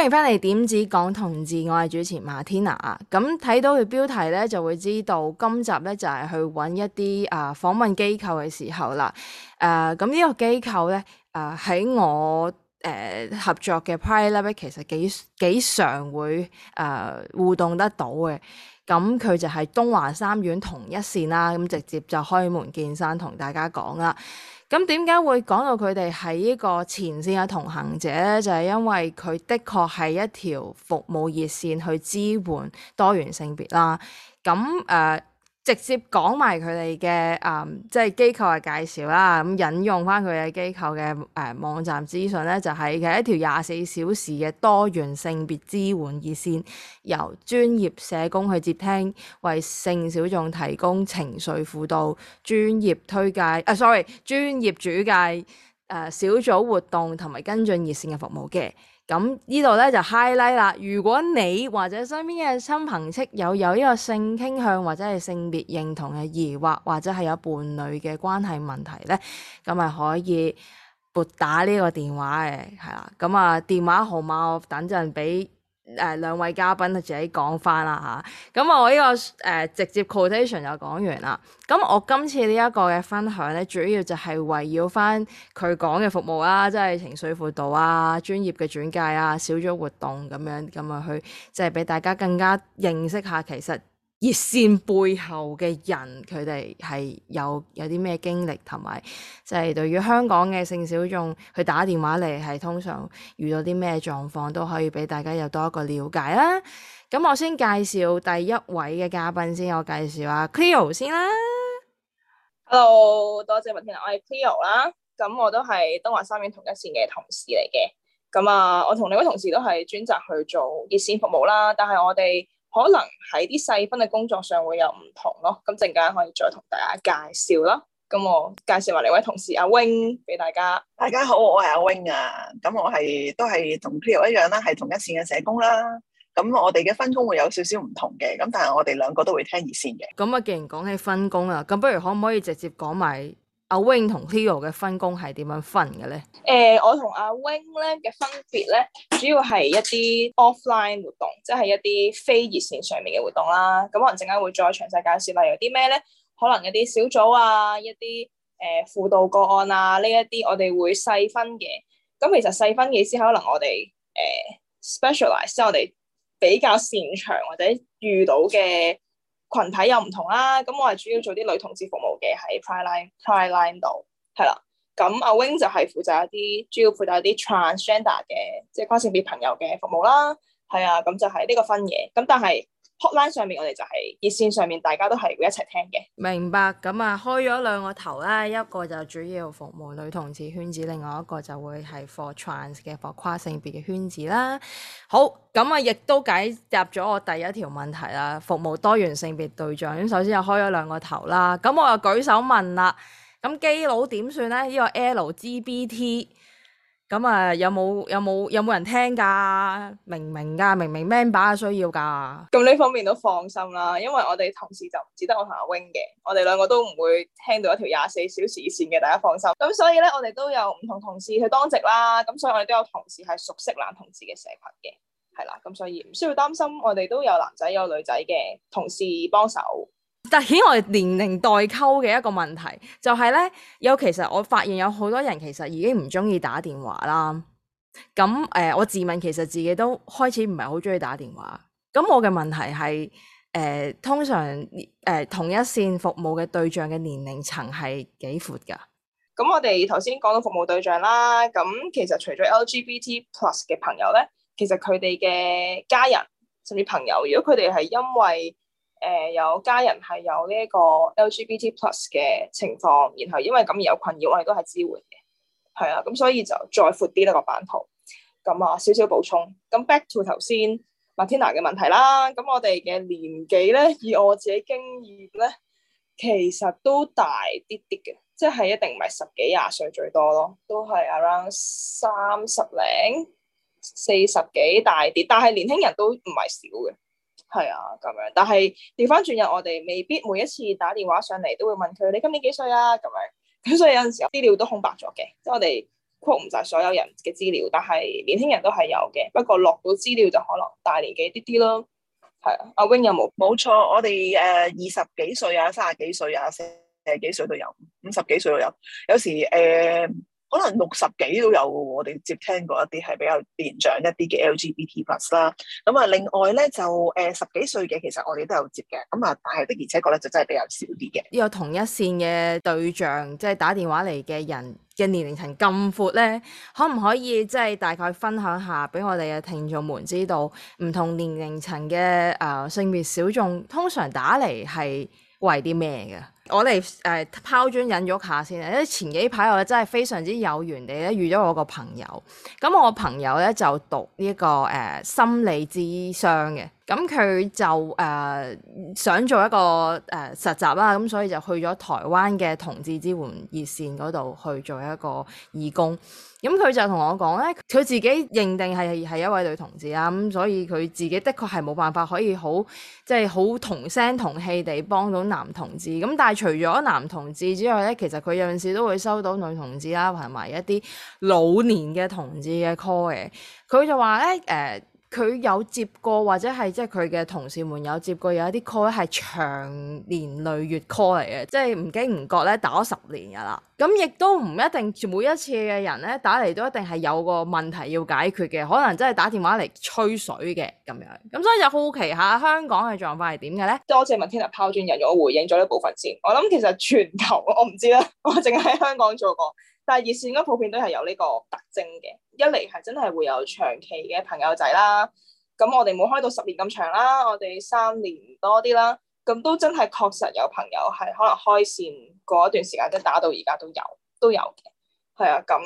歡迎翻嚟《點子講同志》，我係主持馬天娜。咁睇到佢標題咧，就會知道今集咧就係去揾一啲啊、呃、訪問機構嘅時候啦。誒、呃，咁、這、呢個機構咧，誒、呃、喺我誒、呃、合作嘅 PrideLab 其實幾幾常會誒、呃、互動得到嘅。咁、呃、佢就係東華三院同一線啦，咁直接就開門見山同大家講啦。咁點解會講到佢哋係呢個前線嘅同行者咧？就係因為佢的確係一條服務熱線去支援多元性別啦。咁誒。呃直接講埋佢哋嘅誒，即係機構嘅介紹啦。咁引用翻佢嘅機構嘅誒、呃、網站資訊咧，就係佢係一條廿四小時嘅多元性別支援熱線，由專業社工去接聽，為性小眾提供情緒輔導、專業推介、誒、啊，sorry，專業主介誒、呃、小組活動同埋跟進熱線嘅服務嘅。咁呢度咧就 highlight 啦。如果你或者身邊嘅親朋戚友有呢個性傾向或者係性別認同嘅疑惑，或者係有伴侶嘅關係問題咧，咁咪可以撥打呢個電話嘅，係啦。咁、嗯、啊，電話號碼我等陣俾。誒兩位嘉賓自己講翻啦嚇，咁我呢個誒直接 quotation 就講完啦。咁我今次呢一個嘅分享咧，主要就係圍繞翻佢講嘅服務啦，即係情緒輔導啊、專業嘅轉介啊、小組活動咁樣，咁啊去即係俾大家更加認識下其實。熱線背後嘅人，佢哋係有有啲咩經歷，同埋就係對於香港嘅性小眾，佢打電話嚟係通常遇到啲咩狀況，都可以俾大家有多一個了解啦。咁我先介紹第一位嘅嘉賓先，我先介紹下 Cleo 先啦。Hello，多謝馬天娜，我係 Cleo 啦。咁我都係東華三院同一線嘅同事嚟嘅。咁啊，我同兩位同事都係專責去做熱線服務啦。但係我哋。可能喺啲細分嘅工作上會有唔同咯，咁陣間可以再同大家介紹啦。咁我介紹埋另一位同事阿 Wing 俾大家。大家好，我係阿 Wing 啊，咁我係都係同 Cleo 一樣啦，係同一線嘅社工啦、啊。咁我哋嘅分工會有少少唔同嘅，咁但係我哋兩個都會聽熱線嘅。咁啊，既然講起分工啊，咁不如可唔可以直接講埋？阿 Wing 同 Cleo 嘅分工係點樣分嘅咧？誒、啊，我同阿、啊、Wing 咧嘅分別咧，主要係一啲 offline 活動，即係一啲非熱線上面嘅活動啦。咁可能陣間會再詳細介紹，例如啲咩咧？可能一啲小組啊，一啲誒、呃、輔導個案啊，呢一啲我哋會細分嘅。咁其實細分嘅意思，可能我哋誒 specialize 即係我哋比較擅長或者遇到嘅。群體又唔同啦，咁我係主要做啲女同志服務嘅喺 Pride Line, line、Pride Line 度，係啦。咁、啊、阿 Wing 就係負責一啲主要負責一啲 transgender 嘅，即係跨性別朋友嘅服務啦。係啊，咁就係呢個分嘢。咁但係。hotline 上面我哋就係熱線上面，大家都係會一齊聽嘅。明白，咁啊，開咗兩個頭啦，一個就主要服務女同志圈子，另外一個就會係 for trans 嘅 for 跨性別嘅圈子啦。好，咁啊，亦都解答咗我第一條問題啦，服務多元性別對象。咁首先又開咗兩個頭啦，咁我又舉手問啦，咁基佬點算呢？呢、這個 LGBT。咁啊、嗯，有冇有冇有冇人聽噶？明明噶，明明 man 把啊，需要噶。咁呢方面都放心啦，因為我哋同事就唔止得我同阿 Wing 嘅，我哋兩個都唔會聽到一條廿四小時線嘅，大家放心。咁所以咧，我哋都有唔同同事去當值啦。咁所以我哋都有同事係熟悉男同事嘅社群嘅，係啦。咁所以唔需要擔心，我哋都有男仔有女仔嘅同事幫手。凸顯我哋年齡代溝嘅一個問題，就係咧有，其實我發現有好多人其實已經唔中意打電話啦。咁誒、呃，我自問其實自己都開始唔係好中意打電話。咁我嘅問題係誒、呃，通常誒、呃、同一線服務嘅對象嘅年齡層係幾闊㗎？咁我哋頭先講到服務對象啦，咁其實除咗 LGBT plus 嘅朋友咧，其實佢哋嘅家人甚至朋友，如果佢哋係因為誒、呃、有家人係有呢一個 LGBT plus 嘅情況，然後因為咁而有困擾，我哋都係支援嘅，係啊，咁所以就再闊啲啦個版圖。咁啊，少少補充。咁 back to 頭先馬天娜嘅問題啦。咁我哋嘅年紀咧，以我自己經驗咧，其實都大啲啲嘅，即係一定唔係十幾廿歲最多咯，都係 around 三十零、四十幾大啲，但係年輕人都唔係少嘅。係啊，咁樣，但係調翻轉入我哋未必每一次打電話上嚟都會問佢，你今年幾歲啊？咁樣，咁所以有陣時資料都空白咗嘅，即係我哋 call 唔晒所有人嘅資料，但係年輕人都係有嘅，不過落到資料就可能大年紀啲啲咯。係啊，阿 Wing 有冇？冇錯，我哋誒二十幾歲啊，三十幾歲啊，四十幾歲都有，五十幾歲都有，有時誒。Uh, 可能六十幾都有，我哋接聽過一啲係比較年長一啲嘅 LGBT plus 啦。咁啊，另外咧就誒、呃、十幾歲嘅，其實我哋都有接嘅。咁啊，但係的而且確咧就真係比較少啲嘅。呢個同一線嘅對象，即係打電話嚟嘅人嘅年齡層咁闊咧，可唔可以即係大概分享下俾我哋嘅聽眾們知道，唔同年齡層嘅誒性別小眾通常打嚟係為啲咩嘅？我嚟誒拋磚引玉下先啊！因為前幾排我真係非常之有緣地咧遇咗我個朋友，咁我朋友咧就讀呢、這、一個誒、呃、心理諮商嘅。咁佢就誒、呃、想做一個誒、呃、實習啦，咁、嗯、所以就去咗台灣嘅同志支援熱線嗰度去做一個義工。咁、嗯、佢就同我講咧，佢自己認定係係一位女同志啦，咁、嗯、所以佢自己的確係冇辦法可以好即係好同聲同氣地幫到男同志。咁、嗯、但係除咗男同志之外咧，其實佢有陣時都會收到女同志啦，同埋一啲老年嘅同志嘅 call 嘅。佢就話咧誒。呃佢有接過，或者係即係佢嘅同事們有接過，有一啲 call 係長年累月 call 嚟嘅，即係唔經唔覺咧打咗十年噶啦。咁亦都唔一定每一次嘅人咧打嚟都一定係有個問題要解決嘅，可能真係打電話嚟吹水嘅咁樣。咁所以就好奇下香港嘅狀況係點嘅咧？多謝馬天娜拋磚引玉，我回應咗呢部分先。我諗其實全球我唔知啦，我淨係喺香港做過，但係熱線應該普遍都係有呢個特徵嘅。一嚟係真係會有長期嘅朋友仔啦，咁我哋冇開到十年咁長啦，我哋三年多啲啦，咁都真係確實有朋友係可能開線嗰一段時間，即打到而家都有都有嘅，係啊，咁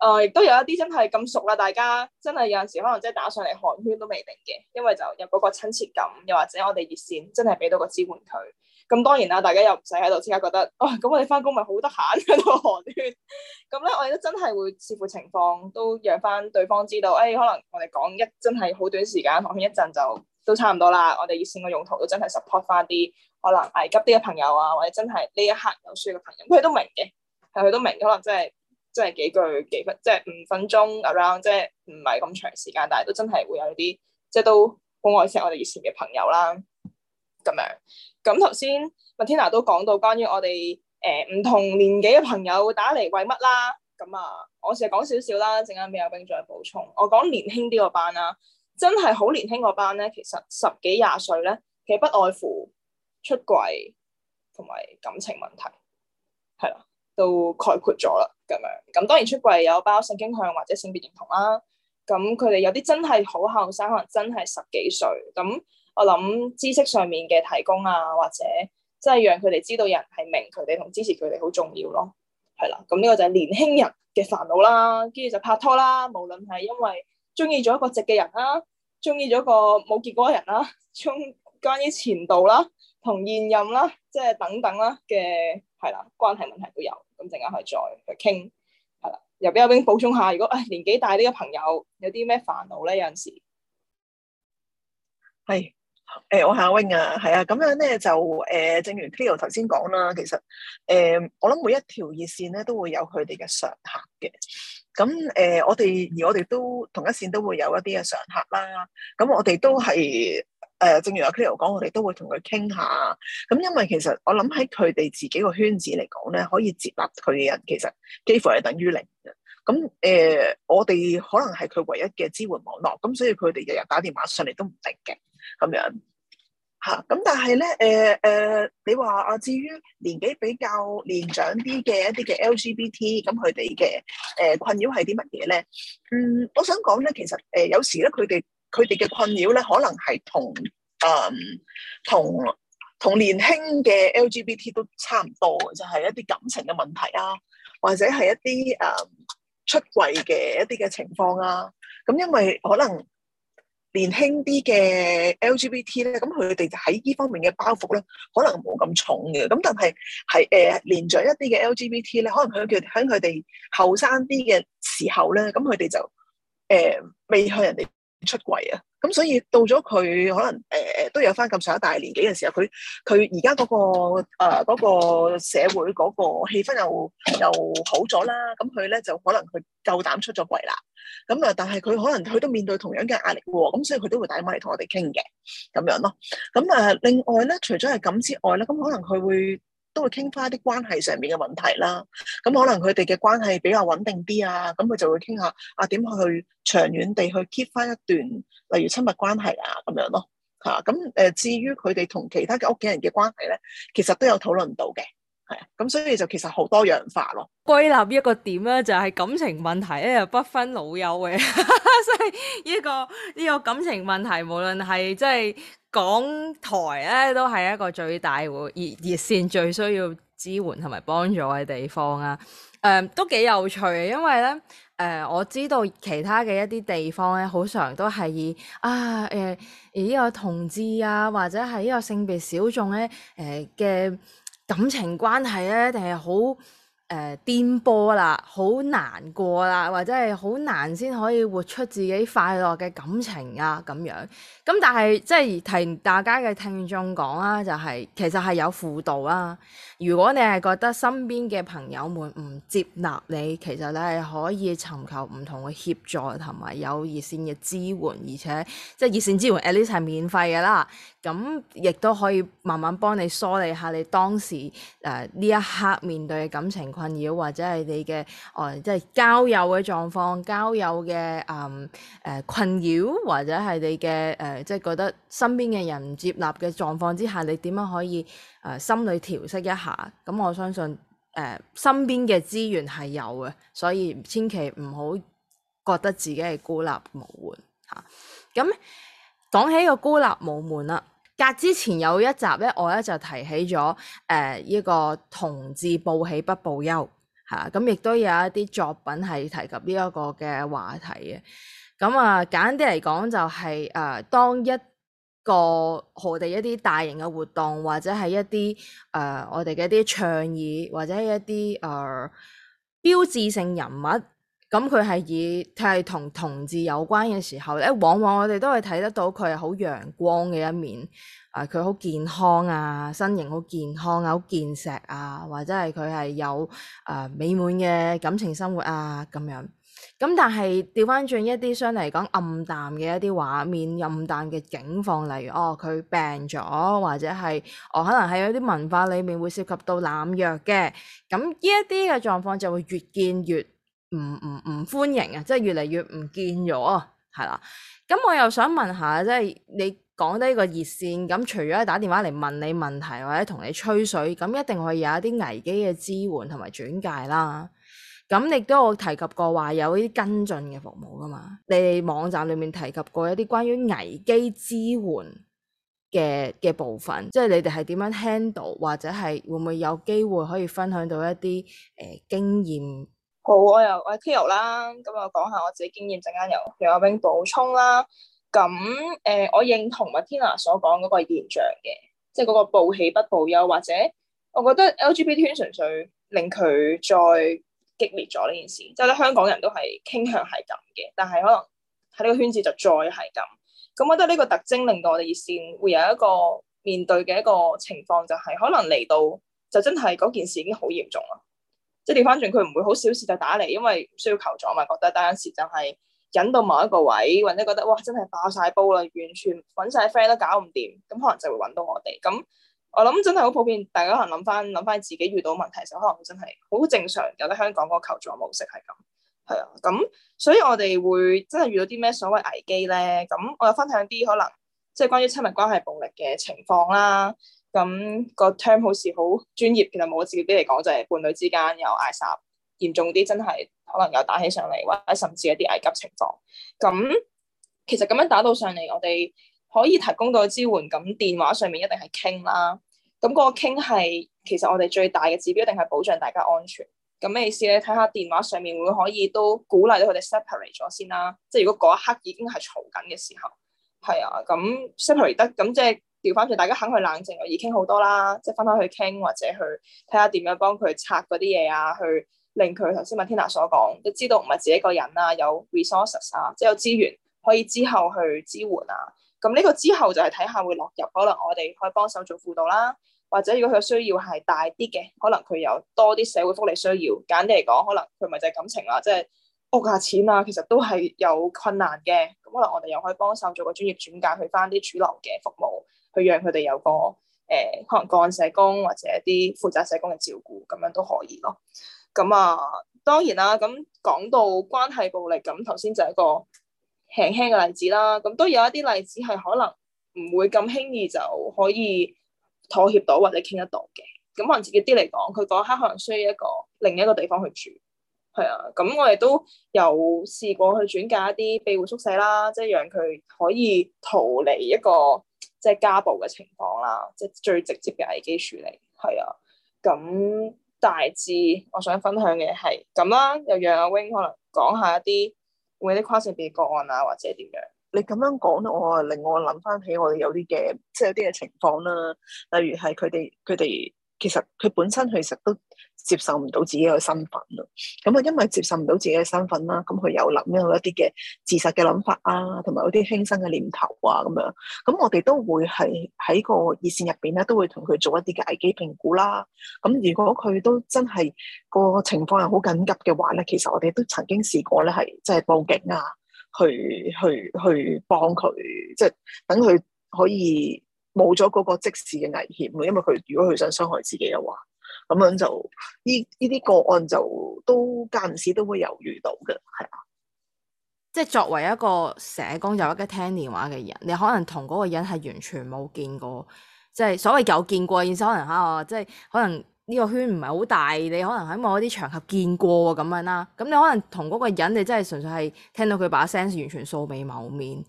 誒亦都有一啲真係咁熟啦，大家真係有陣時可能真係打上嚟寒圈都未定嘅，因為就有嗰個親切感，又或者我哋熱線真係俾到個支援佢。咁當然啦，大家又唔使喺度，即刻覺得哦，咁我哋返工咪好得閒喺度寒暄。咁咧，我哋都真係會視乎情況，都讓翻對方知道，誒、哎，可能我哋講一真係好短時間寒暄一陣就都差唔多啦。我哋熱線嘅用途都真係 support 翻啲可能危急啲嘅朋友啊，或者真係呢一刻有需要嘅朋友，佢都明嘅，係佢都明。可能真係真係幾句幾分，即係五分鐘 around，即係唔係咁長時間，但係都真係會有啲即係都好愛惜我哋熱線嘅朋友啦。咁樣，咁頭先馬天娜都講到關於我哋，誒、唔同年紀嘅朋友打嚟為乜啦，咁啊，我成日講少少啦，陣間俾 Wing 再補充。我講年輕啲個班啦，啊，真係好年輕個班咧，其實十幾廿歲咧，其實不外乎出櫃同埋感情問題，係啦，都概括咗啦，咁樣。咁當然出櫃有包性傾向或者性別認同啦，啊，咁佢哋有啲真係好後生，可能真係十幾歲咁。我諗知識上面嘅提供啊，或者即係讓佢哋知道人係明佢哋同支持佢哋好重要咯，係啦。咁呢個就係年輕人嘅煩惱啦。跟住就拍拖啦，無論係因為鍾意咗一個直嘅人啦、啊，鍾意咗個冇結果嘅人啦、啊，中關於前度啦、啊、同現任啦、啊，即係等等啦嘅係啦，關係問題都有。咁陣間可以再傾，係啦，入邊有冇補充下？如果誒、哎、年紀大啲嘅朋友有啲咩煩惱咧？有陣時係。哎誒、欸，我係阿 Wing 啊，係啊，咁樣咧就誒、呃，正如 Cleo 頭先講啦，其實誒、呃，我諗每一條熱線咧都會有佢哋嘅常客嘅，咁誒、呃，我哋而我哋都同一線都會有一啲嘅常客啦，咁我哋都係誒、呃，正如阿 Cleo 講，我哋都會同佢傾下，咁因為其實我諗喺佢哋自己個圈子嚟講咧，可以接納佢嘅人其實幾乎係等於零嘅，咁、呃、誒，我哋可能係佢唯一嘅支援網絡，咁所以佢哋日日打電話上嚟都唔定嘅。咁樣吓，咁但係咧，誒、呃、誒、呃，你話啊，至於年紀比較年長啲嘅一啲嘅 LGBT，咁佢哋嘅誒困擾係啲乜嘢咧？嗯，我想講咧，其實誒、呃、有時咧，佢哋佢哋嘅困擾咧，可能係同誒同同年輕嘅 LGBT 都差唔多就係、是、一啲感情嘅問題啊，或者係一啲誒、呃、出櫃嘅一啲嘅情況啊，咁因為可能。年輕啲嘅 LGBT 咧，咁佢哋就喺呢方面嘅包袱咧，可能冇咁重嘅。咁但係係誒連著一啲嘅 LGBT 咧，可能佢佢喺佢哋後生啲嘅時候咧，咁佢哋就誒未、呃、向人哋。出櫃啊，咁、嗯、所以到咗佢可能誒、欸、都有翻咁上下大年紀嘅時候，佢佢而家嗰個誒、呃嗰個社會嗰個氣氛又又好咗啦，咁佢咧就可能佢夠膽出咗櫃啦，咁、嗯、啊，但係佢可能佢都面對同樣嘅壓力、啊，咁、嗯、所以佢都會帶埋嚟同我哋傾嘅，咁樣咯。咁、嗯、誒、呃，另外咧，除咗係咁之外咧，咁、嗯、可能佢會。都會傾翻一啲關係上面嘅問題啦，咁可能佢哋嘅關係比較穩定啲啊，咁佢就會傾下啊，點去長遠地去 keep 翻一段，例如親密關係啊咁樣咯，嚇咁，誒，至於佢哋同其他嘅屋企人嘅關係咧，其實都有討論到嘅。係咁，所以就其實好多樣化咯。歸納一個點咧，就係、是、感情問題咧，又不分老幼嘅， 所以呢、這個呢、這個感情問題，無論係即係港台咧，都係一個最大熱熱線最需要支援同埋幫助嘅地方啊。誒、uh,，都幾有趣，因為咧，誒、uh,，我知道其他嘅一啲地方咧，好常都係以啊誒而呢個同志啊，或者係呢個性別小眾咧誒嘅。呃感情關係咧，一定係好誒顛簸啦，好難過啦，或者係好難先可以活出自己快樂嘅感情啊咁樣。咁但係即係聽大家嘅聽眾講啊，就係、是、其實係有輔導啊。如果你係覺得身邊嘅朋友們唔接納你，其實你係可以尋求唔同嘅協助同埋有熱線嘅支援，而且即係熱線支援 at least 係免費嘅啦。咁亦都可以慢慢幫你梳理下你當時誒呢、呃、一刻面對嘅感情困擾，或者係你嘅誒即係交友嘅狀況、交友嘅誒誒困擾，或者係你嘅誒即係覺得身邊嘅人唔接納嘅狀況之下，你點樣可以誒心裏調適一下，咁我相信誒、呃、身邊嘅資源係有嘅，所以千祈唔好覺得自己係孤立無援嚇。咁、啊、講起個孤立無援啦，隔之前有一集咧，我咧就提起咗誒呢個同志報喜不報憂嚇，咁亦都有一啲作品係提及呢一個嘅話題嘅。咁啊，簡啲嚟講就係、是、誒、呃、當一個何地一啲大型嘅活動，或者係一啲誒、呃、我哋嘅一啲倡議，或者係一啲誒、呃、標誌性人物，咁佢係以佢係同同志有關嘅時候咧，往往我哋都係睇得到佢係好陽光嘅一面，誒佢好健康啊，身形好健康啊，好健碩啊，或者係佢係有誒、呃、美滿嘅感情生活啊咁樣。咁但係調翻轉一啲相嚟講，暗淡嘅一啲畫面、暗淡嘅景況，例如哦，佢病咗，或者係哦，可能喺一啲文化裏面會涉及到濫藥嘅，咁呢一啲嘅狀況就會越見越唔唔唔歡迎啊，即係越嚟越唔見咗，係啦。咁我又想問下，即係你講得呢個熱線，咁除咗係打電話嚟問你問題或者同你吹水，咁一定會有一啲危機嘅支援同埋轉介啦。咁亦都有提及過話有呢啲跟進嘅服務㗎嘛？你哋網站裏面提及過一啲關於危機支援嘅嘅部分，即係你哋係點樣 handle，或者係會唔會有機會可以分享到一啲誒、呃、經驗？好，我又我係 Cleo 啦，咁我講下我自己經驗。陣間由阿 Wing 補充啦。咁誒、呃，我認同馬天娜所講嗰個現象嘅，即係嗰個報喜不報憂，或者我覺得 LGBT 純粹令佢再激烈咗呢件事，即係咧香港人都係傾向係咁嘅，但係可能喺呢個圈子就再係咁。咁我覺得呢個特徵令到我哋熱線會有一個面對嘅一個情況，就係、是、可能嚟到就真係嗰件事已經好嚴重啦。即係調翻轉，佢唔會好小事就打嚟，因為需要求助嘛。覺得有陣時就係忍到某一個位，或者覺得哇真係爆晒煲啦，完全揾晒 friend 都搞唔掂，咁可能就會揾到我哋咁。我諗真係好普遍，大家可能諗翻諗翻自己遇到問題嘅時候，可能真係好正常。有啲香港個求助模式係咁係啊。咁所以我哋會真係遇到啲咩所謂危機咧？咁我又分享啲可能即係、就是、關於親密關係暴力嘅情況啦。咁、那個 term 好似好專業，其實我自己嚟講就係、是、伴侶之間有嗌嘈，嚴重啲真係可能又打起上嚟，或者甚至一啲危急情況。咁其實咁樣打到上嚟，我哋可以提供到支援。咁電話上面一定係傾啦。咁嗰個傾係其實我哋最大嘅指標，定係保障大家安全。咁咩意思咧？睇下電話上面會唔會可以都鼓勵到佢哋 separate 咗先啦。即係如果嗰一刻已經係嘈緊嘅時候，係啊，咁 separate 得咁即係調翻轉，大家肯去冷靜，而傾好多啦。即係分開去傾，或者去睇下點樣幫佢拆嗰啲嘢啊，去令佢頭先馬天娜所講，都知道唔係自己一個人啊，有 resources 啊，即係有資源可以之後去支援啊。咁呢個之後就係睇下會落入，可能我哋可以幫手做輔導啦，或者如果佢嘅需要係大啲嘅，可能佢有多啲社會福利需要。簡單嚟講，可能佢咪就係感情啦，即係屋下錢啊，其實都係有困難嘅。咁可能我哋又可以幫手做個專業轉介去翻啲主流嘅服務，去讓佢哋有個誒、呃、可能個案社工或者一啲負責社工嘅照顧，咁樣都可以咯。咁啊，當然啦，咁講到關係暴力，咁頭先就係一個。輕輕嘅例子啦，咁都有一啲例子係可能唔會咁輕易就可以妥協到或者傾得到嘅。咁我自己啲嚟講，佢嗰刻可能需要一個另一個地方去住。係啊，咁我哋都有試過去轉介一啲庇護宿舍啦，即係讓佢可以逃離一個即係家暴嘅情況啦，即係最直接嘅危機處理。係啊，咁大致我想分享嘅係咁啦，又讓阿 Wing 可能講下一啲。會有啲跨性別個案啊，或者點樣？你咁樣講我啊，令我諗翻起我哋有啲嘅，即係有啲嘅情況啦。例如係佢哋，佢哋其實佢本身其實都接受唔到自己嘅身份咯，咁啊，因為接受唔到自己嘅身份啦，咁佢又諗到一啲嘅自殺嘅諗法啊，同埋有啲輕生嘅念頭啊，咁樣，咁、嗯、我哋都會係喺個熱線入邊咧，都會同佢做一啲嘅危機評估啦。咁、嗯、如果佢都真係個情況係好緊急嘅話咧，其實我哋都曾經試過咧，係即係報警啊，去去去幫佢，即係等佢可以冇咗嗰個即時嘅危險，因為佢如果佢想傷害自己嘅話。咁樣就呢依啲個案就都間唔時都會猶豫到嘅，係啊。即係作為一個社工，就一個聽電話嘅人，你可能同嗰個人係完全冇見過，即、就、係、是、所謂有見過，意思可能吓、啊，即係可能呢個圈唔係好大，你可能喺某一啲場合見過咁樣啦。咁你可能同嗰個人，你真係純粹係聽到佢把聲，完全素未謀面。誒、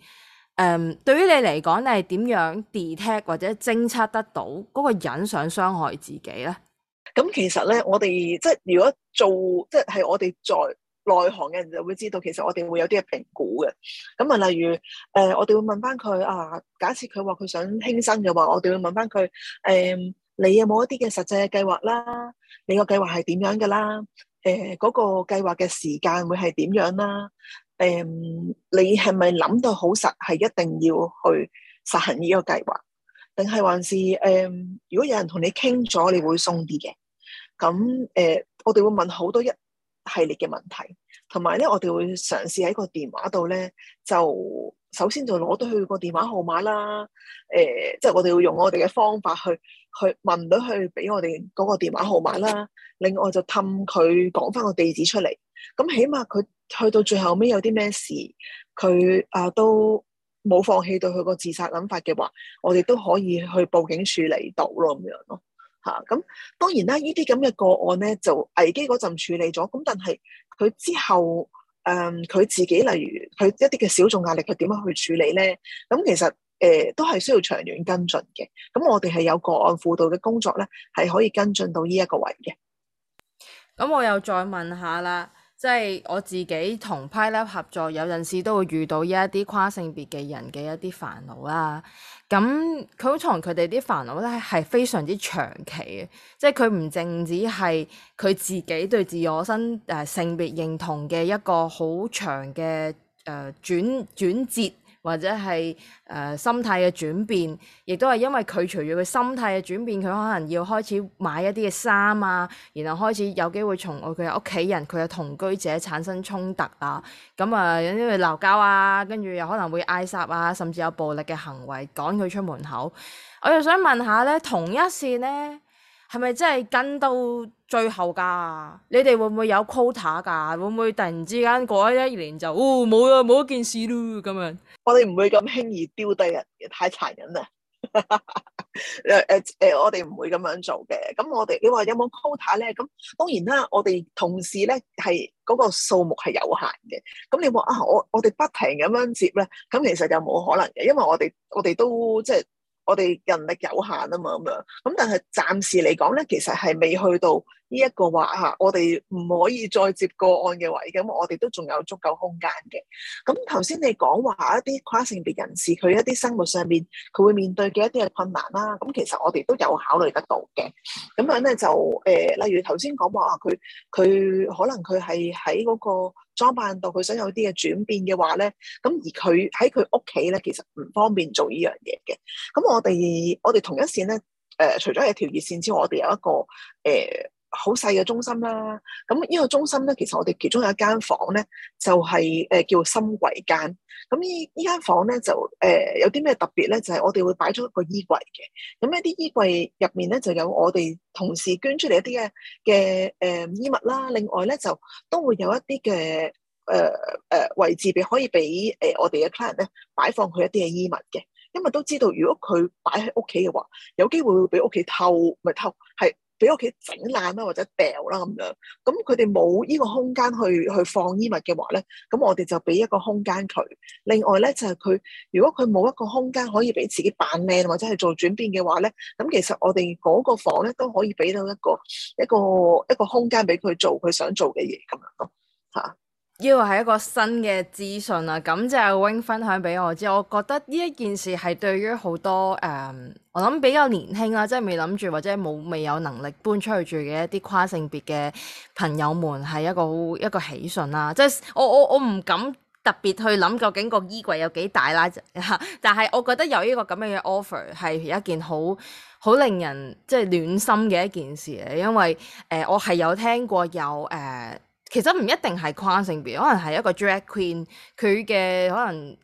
嗯，對於你嚟講，你係點樣 detect 或者偵測得到嗰個人想傷害自己咧？咁其實咧，我哋即係如果做，即係我哋在內行嘅人就會知道，其實我哋會有啲嘅評估嘅。咁啊，例如誒，我哋會問翻佢啊。假設佢話佢想輕生嘅話，我哋會問翻佢誒，你有冇一啲嘅實際嘅計劃啦？你個計劃係點樣㗎啦？誒，嗰個計劃嘅時間會係點樣啦？誒、嗯，你係咪諗到好實，係一定要去實行呢個計劃？定係還是誒、呃，如果有人同你傾咗，你會鬆啲嘅。咁誒、呃，我哋會問好多一系列嘅問題，同埋咧，我哋會嘗試喺個電話度咧，就首先就攞到佢個電話號碼啦。誒、呃，即係我哋會用我哋嘅方法去去問到佢俾我哋嗰個電話號碼啦。另外就氹佢講翻個地址出嚟。咁起碼佢去到最後尾有啲咩事，佢啊都，冇放棄對佢個自殺諗法嘅話，我哋都可以去報警處理到咯，咁樣咯嚇。咁、啊嗯、當然啦，呢啲咁嘅個案咧，就危機嗰陣處理咗。咁但係佢之後，誒、嗯、佢自己，例如佢一啲嘅小眾壓力，佢點樣去處理咧？咁、嗯、其實誒、呃、都係需要長遠跟進嘅。咁、嗯、我哋係有個案輔導嘅工作咧，係可以跟進到呢一個位嘅。咁我又再問下啦。即係我自己同 PrideLab、e、合作，有陣時都會遇到呢一啲跨性別嘅人嘅一啲煩惱啦。咁佢好從佢哋啲煩惱咧，係非常之長期嘅，即係佢唔淨止係佢自己對自我身誒、呃、性別認同嘅一個好長嘅誒、呃、轉轉折。或者係誒、呃、心態嘅轉變，亦都係因為佢隨住佢心態嘅轉變，佢可能要開始買一啲嘅衫啊，然後開始有機會同佢嘅屋企人、佢嘅同居者產生衝突啊，咁、嗯、啊，有啲會鬧交啊，跟住又可能會嗌霎啊，甚至有暴力嘅行為趕佢出門口。我又想問下咧，同一線咧。係咪真係跟到最後噶？你哋會唔會有 quota 噶？會唔會突然之間過咗一年就哦冇啦，冇一件事咯咁樣？我哋唔會咁輕易丟低人嘅，太殘忍啦！誒 誒、呃呃呃、我哋唔會咁樣做嘅。咁我哋你話有冇 quota 咧？咁當然啦，我哋同事咧係嗰個數目係有限嘅。咁你話啊，我我哋不停咁樣接咧，咁其實就冇可能嘅，因為我哋我哋都即係。我哋人力有限啊嘛，咁樣，咁但係暫時嚟講咧，其實係未去到。呢一個話吓，我哋唔可以再接個案嘅位，咁我哋都仲有足夠空間嘅。咁頭先你講話一啲跨性別人士佢一啲生活上面佢會面對嘅一啲嘅困難啦，咁其實我哋都有考慮得到嘅。咁樣咧就誒、呃，例如你頭先講話佢佢可能佢係喺嗰個裝扮度，佢想有啲嘅轉變嘅話咧，咁而佢喺佢屋企咧，其實唔方便做呢樣嘢嘅。咁我哋我哋同一線咧誒、呃，除咗有條熱線之外，我哋有一個誒。呃好細嘅中心啦，咁呢個中心咧，其實我哋其中有一間房咧，就係、是、誒叫深櫃間。咁呢呢間房咧就誒有啲咩特別咧？就係、呃就是、我哋會擺咗一個衣櫃嘅。咁呢啲衣櫃入面咧就有我哋同事捐出嚟一啲嘅嘅誒衣物啦。另外咧就都會有一啲嘅誒誒位置，俾可以俾誒我哋嘅 client 咧擺放佢一啲嘅衣物嘅。因為都知道，如果佢擺喺屋企嘅話，有機會會俾屋企偷咪偷係。俾屋企整爛啦，或者掉啦咁樣，咁佢哋冇依個空間去去放衣物嘅話咧，咁我哋就俾一個空間佢。另外咧就係佢，如果佢冇一個空間可以俾自己扮靚或者係做轉變嘅話咧，咁其實我哋嗰個房咧都可以俾到一個一個一個空間俾佢做佢想做嘅嘢咁樣咯，嚇、啊。呢個係一個新嘅資訊啊。感謝阿 wing 分享俾我知，我覺得呢一件事係對於好多誒、呃，我諗比較年輕啦，即係未諗住或者冇未有能力搬出去住嘅一啲跨性別嘅朋友們，係一個好一個喜訊啦。即係我我我唔敢特別去諗究竟個衣櫃有幾大啦， 但係我覺得有呢個咁樣嘅 offer 係一件好好令人即係暖心嘅一件事嚟。因為誒、呃、我係有聽過有誒。呃其實唔一定係跨性別，可能係一個 drag queen。佢嘅可能誒、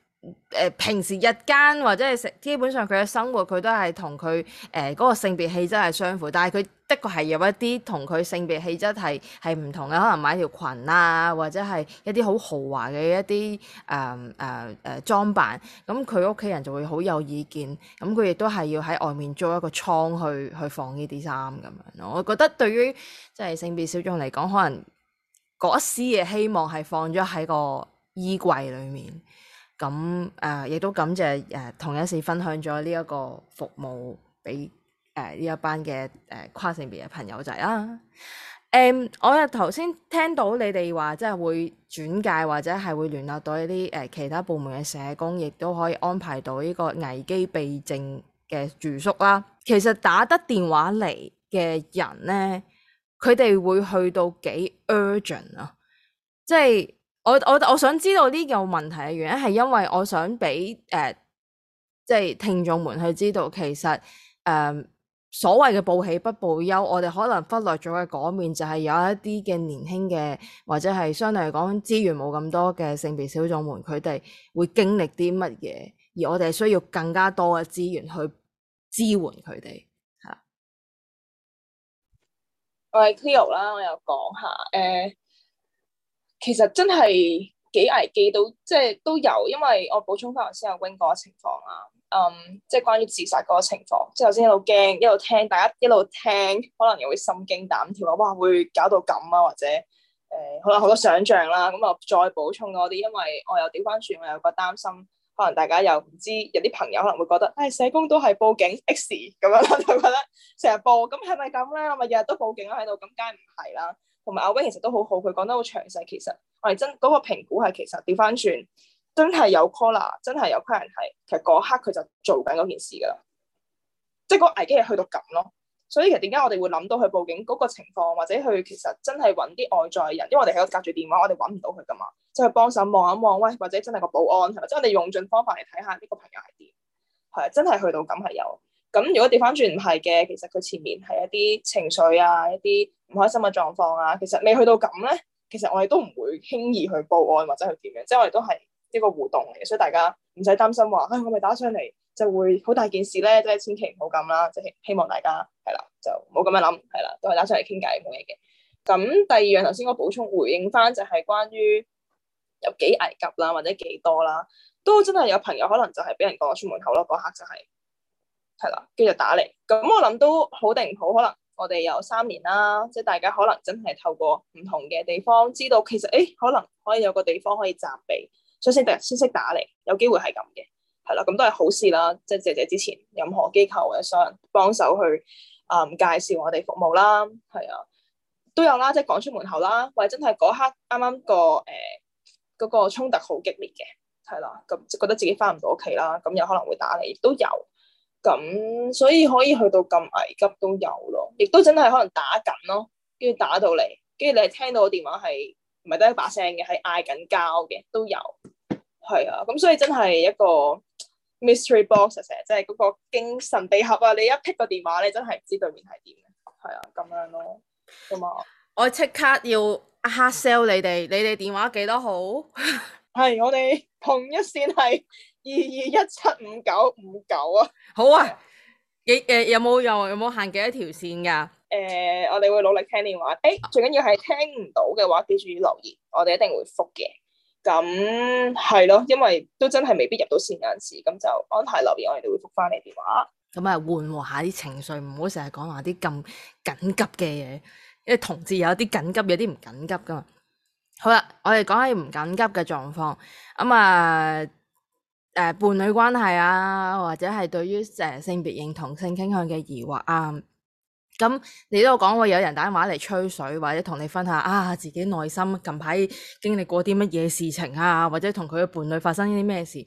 呃、平時日間或者係食，基本上佢嘅生活佢都係同佢誒嗰個性別氣質係相符。但係佢的確係有一啲同佢性別氣質係係唔同嘅，可能買條裙啊，或者係一啲好豪華嘅一啲誒誒誒裝扮。咁佢屋企人就會好有意見。咁佢亦都係要喺外面租一個倉去去放呢啲衫咁樣。我覺得對於即係、就是、性別小眾嚟講，可能。嗰一絲嘅希望係放咗喺個衣櫃裏面咁，誒，亦都、呃、感謝誒、呃、同一線分享咗呢一個服務俾誒呢一班嘅誒、呃、跨性別嘅朋友仔啦。誒、嗯，我頭先聽到你哋話，即係會轉介或者係會聯絡到一啲誒、呃、其他部門嘅社工，亦都可以安排到呢個危機避靜嘅住宿啦。其實打得電話嚟嘅人咧～佢哋會去到幾 urgent 啊？即係我我我想知道呢個問題嘅原因係因為我想俾誒、呃、即係聽眾們去知道其實誒、呃、所謂嘅報喜不報憂，我哋可能忽略咗嘅嗰面就係有一啲嘅年輕嘅或者係相對嚟講資源冇咁多嘅性別小眾們，佢哋會經歷啲乜嘢？而我哋需要更加多嘅資源去支援佢哋。我係 Cleo 啦，我又講下，誒、呃，其實真係幾危機到，即係都有，因為我補充翻頭先阿 Wing 講嘅情況啦，嗯，即係關於自殺嗰個情況，即係頭先一路驚，一路聽，大家一路聽，可能又會心驚膽跳啊，哇，會搞到咁啊，或者誒，可、呃、能好多想象啦，咁啊，再補充多啲，因為我又掉翻轉，我有個擔心。可能大家又唔知，有啲朋友可能會覺得，唉、哎，社工都係報警 X 咁樣啦， 就覺得成日報咁係咪咁咧？我咪日日都報警喺度？咁梗係唔係啦？同埋阿 b 其實都好好，佢講得好詳細。其實我哋真嗰、嗰個評估係其實調翻轉，真係有 caller，真係有批人係，其實嗰刻佢就做緊嗰件事㗎啦，即係嗰危機係去到咁咯。所以其實點解我哋會諗到去報警嗰個情況，或者佢其實真係揾啲外在人，因為我哋喺度隔住電話，我哋揾唔到佢噶嘛，即去幫手望一望，喂，或者真係個保安係咪？即係我哋用盡方法嚟睇下呢個朋友係點？係啊，真係去到咁係有。咁如果調翻轉唔係嘅，其實佢前面係一啲情緒啊，一啲唔開心嘅狀況啊，其實未去到咁咧，其實我哋都唔會輕易去報案或者去點樣。即係我哋都係一個互動嚟嘅，所以大家唔使擔心話，唉，我咪打上嚟，就會好大件事咧，即係千祈唔好咁啦，即係希望大家係啦，就冇咁樣諗，係啦，都係打上嚟傾偈冇嘢嘅。咁第二樣頭先我補充回應翻就係關於有幾危急啦，或者幾多啦，都真係有朋友可能就係俾人趕咗出門口咯，嗰刻就係係啦，跟住打嚟。咁我諗都好定唔好，可能我哋有三年啦，即係大家可能真係透過唔同嘅地方知道，其實誒可能可以有個地方可以暫避，所以先第日先識打嚟，有機會係咁嘅。係啦，咁都係好事啦，即係謝謝之前任何機構或者所有人幫手去，嗯，介紹我哋服務啦，係啊，都有啦，即係講出門口啦，或者真係嗰刻啱啱個誒嗰個衝突好激烈嘅，係啦，咁覺得自己翻唔到屋企啦，咁有可能會打嚟，亦都有，咁所以可以去到咁危急都有咯，亦都真係可能打緊咯，跟住打到嚟，跟住你係聽到個電話係唔係得一把聲嘅，係嗌緊交嘅，都有。係啊，咁所以真係一個 mystery box 成日，即係嗰個精神秘盒啊！你一 pick 個電話，你真係唔知對面係點嘅。係啊，咁樣咯，係嘛？ 我即刻要 hard sell 你哋，你哋電話幾多號？係我哋同一線係二二一七五九五九啊。好啊，幾誒有冇有有冇限幾多條線噶？誒、欸，我哋會努力聽電話。誒、欸，最緊要係聽唔到嘅話，記住要留言，我哋一定會覆嘅。咁係咯，因為都真係未必入到綫嗰陣時，咁就安排留言，我哋會覆返你電話。咁啊，緩和下啲情緒，唔好成日講話啲咁緊急嘅嘢，因為同志有啲緊急，有啲唔緊急㗎嘛。好啦，我哋講下唔緊急嘅狀況。咁啊，誒、呃、伴侶關係啊，或者係對於誒性別認同、性傾向嘅疑惑啊。咁你都有講過有人打電話嚟吹水，或者同你分享啊，自己內心近排經歷過啲乜嘢事情啊，或者同佢嘅伴侶發生啲咩事，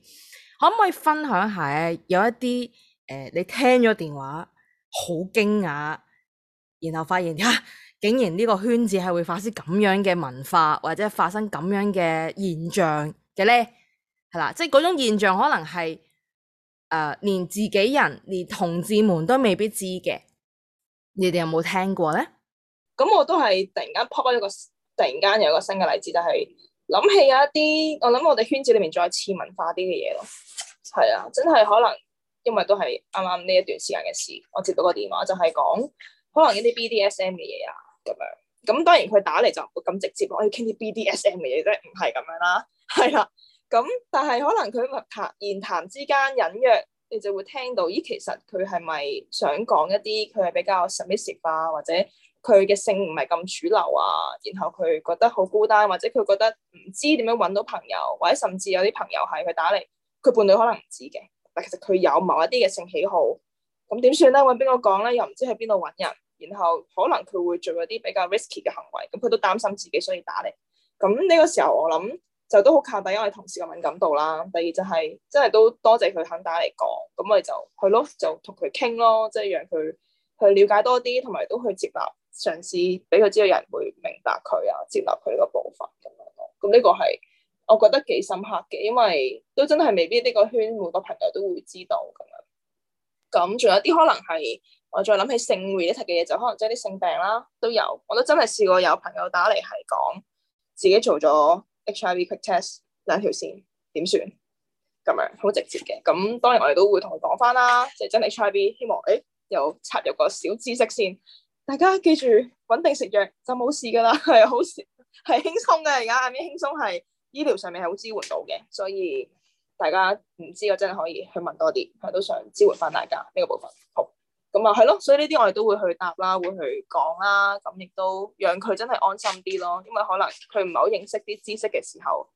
可唔可以分享下？有一啲誒、呃，你聽咗電話好驚訝，然後發現吓、啊，竟然呢個圈子係會發生咁樣嘅文化，或者發生咁樣嘅現象嘅咧？係啦，即係嗰種現象可能係誒、呃，連自己人，連同志們都未必知嘅。你哋有冇聽過咧？咁我都係突然間 pop 一個，突然間有一個新嘅例子，就係、是、諗起有一啲，我諗我哋圈子裏面再次文化啲嘅嘢咯。係啊，真係可能因為都係啱啱呢一段時間嘅事，我接到個電話就係、是、講可能一啲 BDSM 嘅嘢啊咁樣。咁當然佢打嚟就唔會咁直接，我要傾啲 BDSM 嘅嘢啫，唔係咁樣啦。係啦，咁但係可能佢談言談之間隱約。你就會聽到，咦，其實佢係咪想講一啲佢係比較 submissive 啊，或者佢嘅性唔係咁主流啊？然後佢覺得好孤單，或者佢覺得唔知點樣揾到朋友，或者甚至有啲朋友係佢打嚟，佢伴侶可能唔知嘅。但其實佢有某一啲嘅性喜好，咁點算咧？揾邊個講咧？又唔知喺邊度揾人。然後可能佢會做一啲比較 risky 嘅行為，咁佢都擔心自己所以打嚟。咁呢個時候我諗。就都好靠第一個同事嘅敏感度啦，第二就係、是、真係都多謝佢肯打嚟講，咁我哋就去咯，就同佢傾咯，即係讓佢去了解多啲，同埋都去接納，嘗試俾佢知道有人會明白佢啊，接納佢呢個部分咁樣咯。咁呢個係我覺得幾深刻嘅，因為都真係未必呢個圈每個朋友都會知道咁樣。咁仲有啲可能係我再諗起性 related 嘅嘢，就可能即係啲性病啦，都有。我都真係試過有朋友打嚟係講自己做咗。H I V quick test，兩條線點算？咁樣好直接嘅，咁，當然我哋都會同佢講返啦，即係真 H I V，希望誒又插入個小知識先，大家記住穩定食藥就冇事㗎喇，係好係輕鬆嘅，而家咁樣輕鬆係醫療上面係好支援到嘅，所以大家唔知嘅真係可以去問多啲，我都想支援返大家呢個部分。咁啊，係咯，所以呢啲我哋都會去答啦，會去講啦，咁亦都讓佢真係安心啲咯。因為可能佢唔係好認識啲知識嘅時候，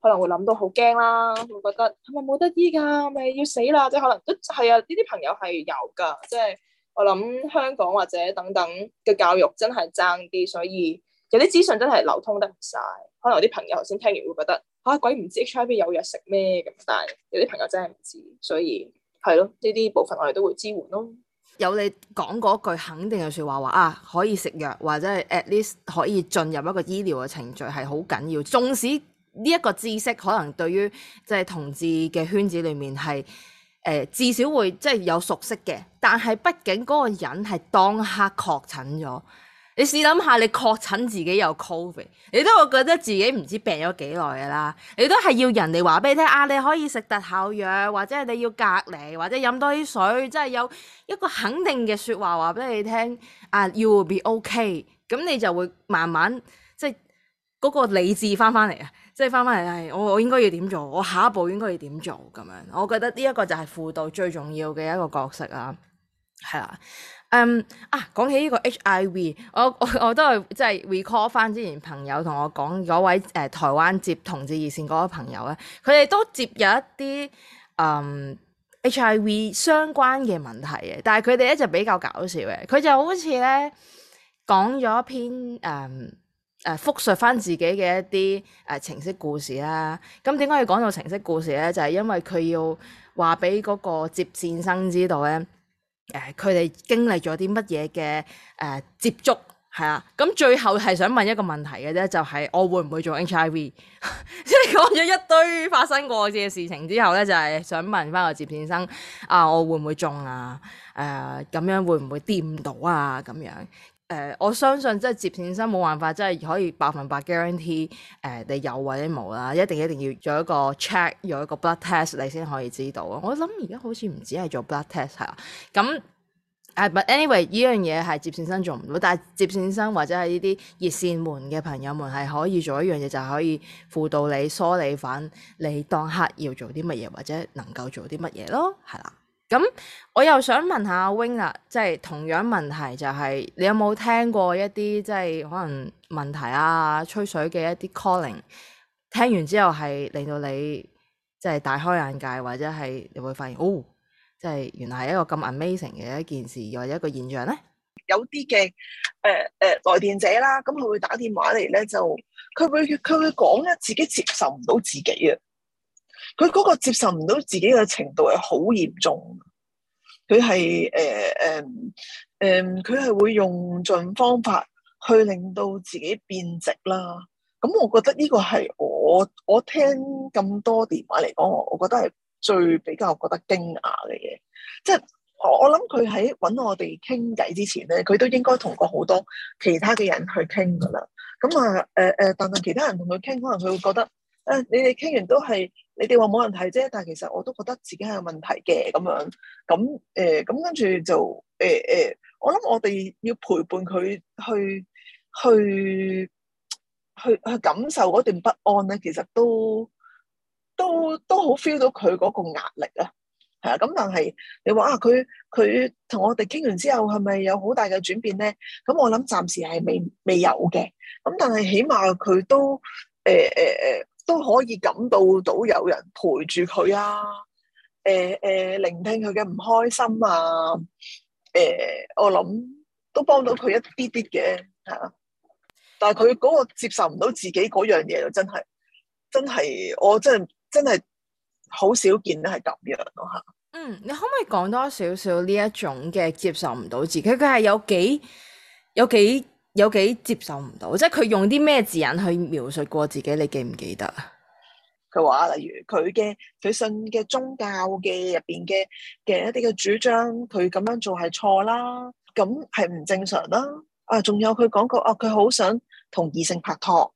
可能會諗到好驚啦，會覺得係咪冇得醫㗎？係咪要死啦？即可能都係啊！呢啲朋友係有㗎，即係我諗香港或者等等嘅教育真係爭啲，所以有啲資訊真係流通得唔晒。可能有啲朋友先聽完會覺得嚇、啊、鬼唔知 HIV 有藥食咩咁，但係有啲朋友真係唔知，所以係咯，呢啲、啊、部分我哋都會支援咯。有你講嗰句肯定嘅說話，話啊可以食藥，或者係 at least 可以進入一個醫療嘅程序，係好緊要。縱使呢一個知識可能對於即係同志嘅圈子裡面係誒、呃、至少會即係有熟悉嘅，但係畢竟嗰個人係當刻確診咗。你試諗下，你確診自己有 COVID，你都會覺得自己唔知病咗幾耐噶啦。你都係要人哋話俾你聽啊，你可以食特效藥，或者係你要隔離，或者飲多啲水，即係有一個肯定嘅説話話俾你聽啊。You will be okay，咁你就會慢慢即係嗰個理智翻翻嚟啊，即係翻翻嚟。唉，我我應該要點做？我下一步應該要點做？咁樣，我覺得呢一個就係輔導最重要嘅一個角色啊，係啦。嗯、um, 啊，講起呢個 HIV，我我我都係即係 recall 翻之前朋友同我講嗰位誒、呃、台灣接同志熱線嗰個朋友咧，佢哋都接有一啲嗯 HIV 相關嘅問題嘅，但係佢哋咧就比較搞笑嘅，佢就好似咧講咗一篇誒誒、嗯啊、複述翻自己嘅一啲誒情色故事啦。咁點解要講到情色故事咧？就係、是、因為佢要話俾嗰個接線生知道咧。誒，佢哋經歷咗啲乜嘢嘅誒接觸係啦，咁最後係想問一個問題嘅啫，就係、是、我會唔會做 HIV？即 係講咗一堆發生過嘅事情之後咧，就係、是、想問返個接線生啊，我會唔會中啊？誒、呃，咁樣會唔會掂到啊？咁樣。誒、呃，我相信即係接線生冇辦法，即係可以百分百 guarantee 誒、呃、你有或者冇啦，一定一定要做一個 check，做一個 blood test，你先可以知道。我諗而家好似唔止係做 blood test 係啦，咁、嗯、誒 anyway 呢樣嘢係接線生做唔到，但係接線生或者係呢啲熱線門嘅朋友們係可以做一樣嘢，就係可以輔導你梳理返你當刻要做啲乜嘢或者能夠做啲乜嘢咯，係啦。咁我又想問下阿 Wing 啦，即係同樣問題就係你有冇聽過一啲即係可能問題啊、吹水嘅一啲 calling，聽完之後係令到你即係大開眼界，或者係你會發現哦，即係原來係一個咁 amazing 嘅一件事，或者一個現象咧。有啲嘅誒誒來電者啦，咁佢會打電話嚟咧，就佢會佢會講咧自己接受唔到自己啊。佢嗰個接受唔到自己嘅程度係好嚴重，佢係誒誒誒，佢、呃、係、呃、會用盡方法去令到自己變直啦。咁、嗯、我覺得呢個係我我聽咁多電話嚟講我我覺得係最比較覺得驚訝嘅嘢。即、就、係、是、我我諗佢喺揾我哋傾偈之前咧，佢都應該同過好多其他嘅人去傾噶啦。咁啊，誒誒，但係其他人同佢傾，可能佢會覺得。誒，你哋傾完都係你哋話冇問題啫，但係其實我都覺得自己係有問題嘅咁樣。咁誒咁跟住就誒誒、呃呃，我諗我哋要陪伴佢去去去去感受嗰段不安咧，其實都都都好 feel 到佢嗰個壓力啊。係啊，咁但係你話啊，佢佢同我哋傾完之後係咪有好大嘅轉變咧？咁我諗暫時係未未有嘅。咁但係起碼佢都誒誒誒，呃呃都可以感到到有人陪住佢啊！誒、呃、誒、呃，聆聽佢嘅唔開心啊！誒、呃，我諗都幫到佢一啲啲嘅嚇。但係佢嗰個接受唔到自己嗰樣嘢，就真係真係我真係真係好少見到，係咁樣咯嚇。嗯，你可唔可以講多少少呢一種嘅接受唔到自己？佢係有幾有幾，有幾有幾接受唔到，即係佢用啲咩字眼去描述過自己？你記唔記得？佢話例如佢嘅佢信嘅宗教嘅入面嘅嘅一啲嘅主張，佢咁樣做係錯啦，咁係唔正常啦。啊，仲有佢講過，哦、啊，佢好想同異性拍拖。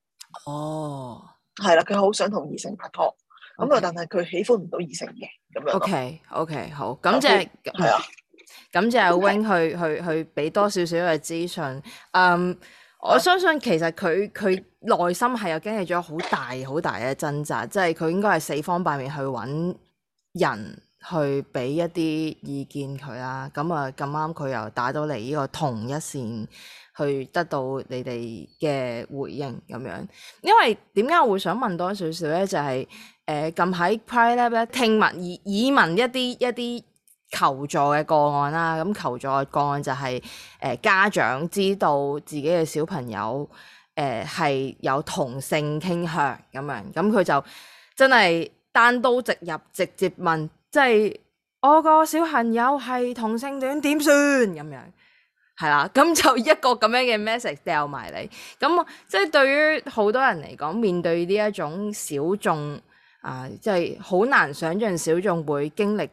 哦，係啦，佢好想同異性拍拖。咁啊，但係佢喜歡唔到異性嘅咁樣。O K，O K，好，咁即係。係啊。感謝阿 Wing 去是是去去俾多少少嘅資訊。嗯、um，我相信其實佢佢內心係有經歷咗好大好大嘅掙扎，即係佢應該係四方八面去揾人去俾一啲意見佢啦。咁啊，咁啱佢又打到嚟呢個同一線，去得到你哋嘅回應咁樣。因為點解我會想問多少少咧？就係誒近排 Pride 咧，啊、Lab，聽聞耳耳聞一啲一啲。求助嘅個案啦，咁求助嘅個案就係、是、誒、呃、家長知道自己嘅小朋友誒係、呃、有同性傾向咁樣，咁佢就真係單刀直入，直接問，即、就、係、是、我個小朋友係同性戀點算咁樣，係啦，咁就一個咁樣嘅 message 掉埋嚟，咁即係對於好多人嚟講，面對呢一種小眾啊，即係好難想象小眾會經歷。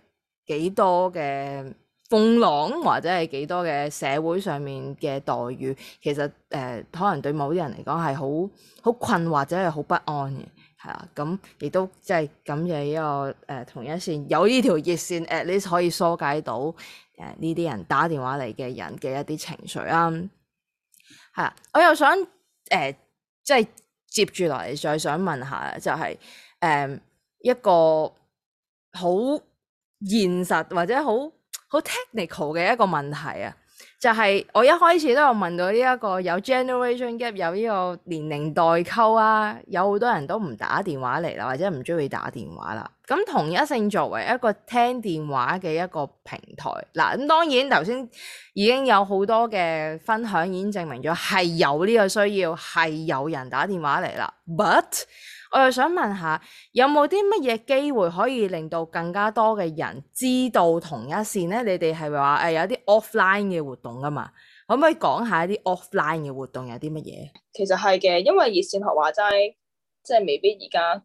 幾多嘅風浪，或者係幾多嘅社會上面嘅待遇，其實誒、呃，可能對某啲人嚟講係好好困惑，或者係好不安嘅，係啊。咁亦都即係咁嘅一個誒、呃、同一線，有呢條熱線誒，你可以疏解到誒呢啲人打電話嚟嘅人嘅一啲情緒啊。係啊，我又想誒、呃，即係接住落嚟再想問下，就係、是、誒、呃、一個好。現實或者好好 technical 嘅一個問題啊，就係、是、我一開始都有問到呢、這、一個有 generation gap，有呢個年齡代溝啊，有好多人都唔打電話嚟啦，或者唔中意打電話啦。咁同一線作為一個聽電話嘅一個平台，嗱，咁當然頭先已經有好多嘅分享，已經證明咗係有呢個需要，係有人打電話嚟啦，but 我又想問下，有冇啲乜嘢機會可以令到更加多嘅人知道同一線咧？你哋係咪話誒有啲 offline 嘅活動㗎嘛？可唔可以講下一啲 offline 嘅活動有啲乜嘢？其實係嘅，因為熱線學話齋，即係未必而家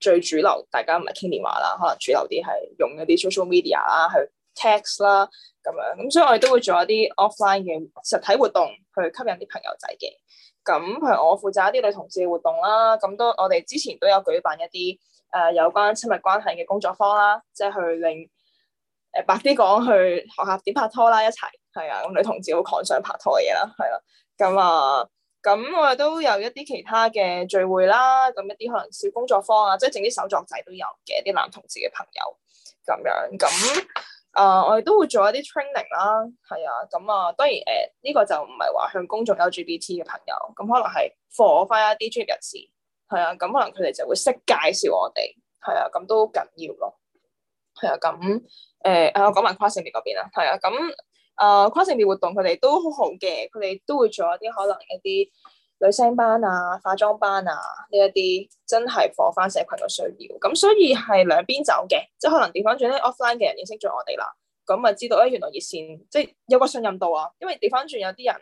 最主流，大家唔係傾電話啦，可能主流啲係用一啲 social media 啦，去 text 啦咁樣。咁所以我哋都會做一啲 offline 嘅實體活動去吸引啲朋友仔嘅。咁譬如我負責一啲女同志嘅活動啦，咁都我哋之前都有舉辦一啲誒、呃、有關親密關係嘅工作坊啦，即係去令誒、呃、白啲講去學下點拍拖啦，一齊係啊，咁女同志好狂想拍拖嘅嘢啦，係啦，咁啊，咁、呃、我哋都有一啲其他嘅聚會啦，咁一啲可能小工作坊啊，即係整啲手作仔都有嘅啲男同志嘅朋友咁樣咁。啊，uh, 我哋都會做一啲 training 啦，係啊，咁、嗯、啊，當然誒呢、呃這個就唔係話向公眾有 LGBT 嘅朋友，咁、嗯、可能係 for 返一啲專業人士，係啊，咁、嗯、可能佢哋就會識介紹我哋，係啊，咁、嗯、都好緊要咯，係啊，咁、嗯、誒、呃啊，我講埋跨性別嗰邊啦，係啊，咁誒跨性別活動佢哋都好好嘅，佢哋都會做一啲可能一啲。女聲班啊、化妝班啊，呢一啲真係火翻社群嘅需要，咁所以係兩邊走嘅，即係可能調翻轉啲 offline 嘅人認識咗我哋啦，咁啊知道咧、欸、原來熱線即係有個信任度啊，因為調翻轉有啲人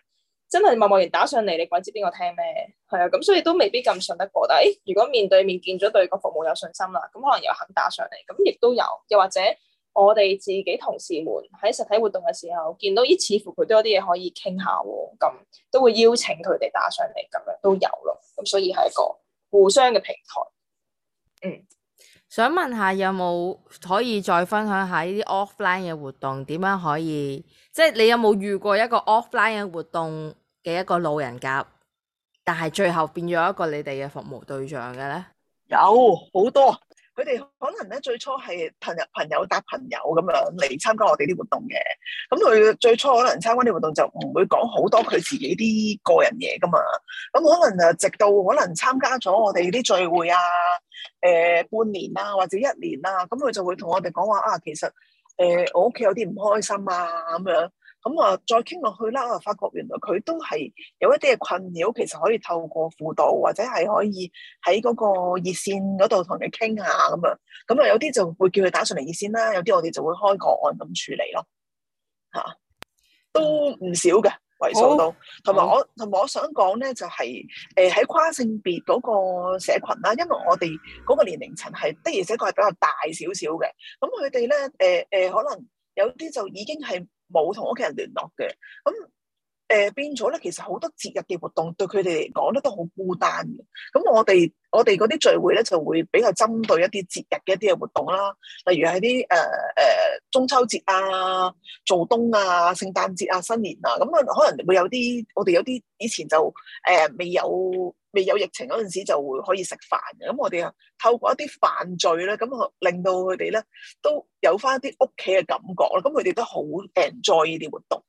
真係默默然打上嚟，你鬼知邊個聽咩？係啊，咁所以都未必咁信得過，但係、欸、如果面對面見咗，對個服務有信心啦，咁可能又肯打上嚟，咁亦都有，又或者。我哋自己同事們喺實體活動嘅時候，見到依似乎佢都有啲嘢可以傾下，咁都會邀請佢哋打上嚟，咁樣都有咯。咁所以係一個互相嘅平台。嗯，想問下有冇可以再分享下呢啲 offline 嘅活動點樣可以？即係你有冇遇過一個 offline 嘅活動嘅一個老人家，但係最後變咗一個你哋嘅服務對象嘅咧？有好多。佢哋可能咧，最初係朋友，朋友搭朋友咁樣嚟參加我哋啲活動嘅。咁佢最初可能參加啲活動就唔會講好多佢自己啲個人嘢㗎嘛，咁可能啊，直到可能參加咗我哋啲聚會啊，誒、呃、半年啊或者一年啊，咁佢就會同我哋講話啊，其實誒、呃、我屋企有啲唔開心啊咁樣。咁啊，再傾落去啦，我就發覺原來佢都係有一啲嘅困擾，其實可以透過輔導，或者係可以喺嗰個熱線嗰度同你傾下咁啊。咁啊，有啲就會叫佢打上嚟熱線啦，有啲我哋就會開個案咁處理咯。嚇、啊，都唔少嘅為數到。同埋好我同埋我想講咧，就係誒喺跨性別嗰個社群啦，因為我哋嗰個年齡層係的而且確係比較大少少嘅。咁佢哋咧誒誒，可能有啲就已經係，冇同屋企人聯絡嘅，咁、嗯。誒、呃、變咗咧，其實好多節日嘅活動對佢哋嚟講咧都好孤單嘅。咁、嗯、我哋我哋嗰啲聚會咧就會比較針對一啲節日嘅一啲嘅活動啦，例如係啲誒誒中秋節啊、做冬啊、聖誕節啊、新年啊，咁、嗯、啊可能會有啲我哋有啲以前就誒、呃、未有未有疫情嗰陣時就會可以食飯嘅。咁我哋透過一啲飯聚咧，咁令到佢哋咧都有翻一啲屋企嘅感覺啦。咁佢哋都好 enjoy 呢啲活動。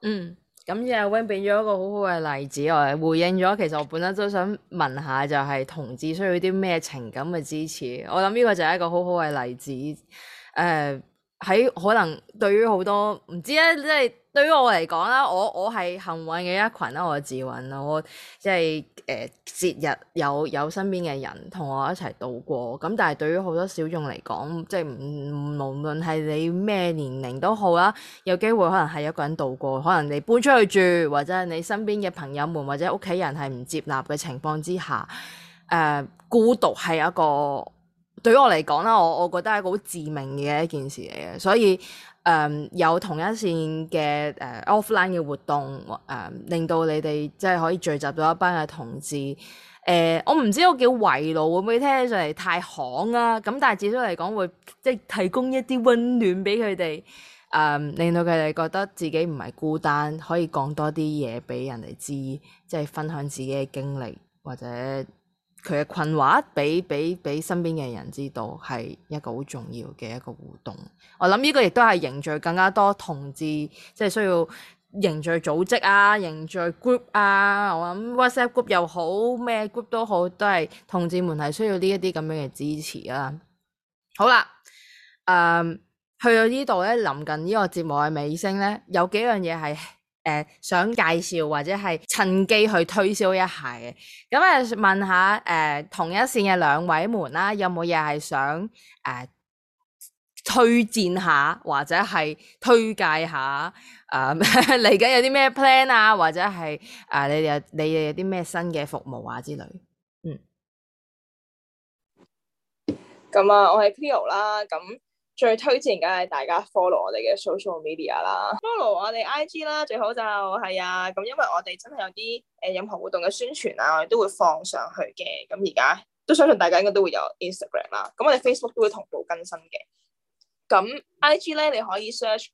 嗯。嗯。咁阿 Wing 畀咗一個好好嘅例子，我哋回應咗。其實我本身都想問下，就係同志需要啲咩情感嘅支持？我諗呢個就係一個好好嘅例子。誒、呃，喺可能對於好多唔知咧、啊，即係。對於我嚟講啦，我我係幸運嘅一群啦，我自問啦，我即係誒節日有有身邊嘅人同我一齊度過。咁但係對於好多小眾嚟講，即係無論係你咩年齡都好啦，有機會可能係一個人度過，可能你搬出去住，或者你身邊嘅朋友們或者屋企人係唔接納嘅情況之下，誒孤獨係一個對於我嚟講啦，我我覺得係一個好致命嘅一件事嚟嘅，所以。誒、um, 有同一線嘅誒、uh, offline 嘅活動，誒、um, 令到你哋即係可以聚集到一班嘅同志。誒、呃、我唔知我叫圍爐會唔會聽起上嚟太巷啊？咁但係至少嚟講會即係提供一啲溫暖俾佢哋，誒、um, 令到佢哋覺得自己唔係孤單，可以講多啲嘢俾人哋知，即係分享自己嘅經歷或者。佢嘅困惑俾俾俾身邊嘅人知道，係一個好重要嘅一個互動。我諗呢個亦都係凝聚更加多同志，即係需要凝聚組織啊，凝聚 group 啊。我諗 WhatsApp group 又好，咩 group 都好，都係同志們係需要呢一啲咁樣嘅支持啊。好啦，誒、嗯、去到呢度咧，臨近呢個節目嘅尾聲咧，有幾樣嘢係。誒、呃，想介紹或者係趁機去推銷一下嘅，咁、嗯、啊問下誒、呃、同一線嘅兩位們啦，有冇嘢係想誒、呃、推薦下或者係推介下？誒嚟緊有啲咩 plan 啊，或者係誒、呃、你哋你哋有啲咩新嘅服務啊之類？嗯，咁啊，我係 Cleo 啦，咁。最推薦梗係大家 follow 我哋嘅 social media 啦，follow 我哋 IG 啦，最好就係、是、啊，咁因為我哋真係有啲誒、呃、任何活動嘅宣傳啊，我哋都會放上去嘅。咁而家都相信大家應該都會有 Instagram 啦，咁我哋 Facebook 都會同步更新嘅。咁 IG 咧你可以 search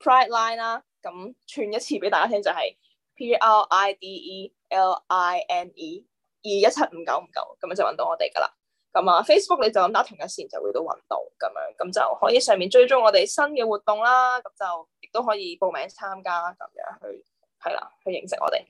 Pride Line 啦，咁串一次俾大家聽就係、是、P R I D E L I N E 二一七五九五九，咁樣就搵到我哋㗎喇。咁啊，Facebook 你就咁打同一線就會到運動咁樣，咁就可以上面追蹤我哋新嘅活動啦，咁就亦都可以報名參加咁樣去，係啦，去認識我哋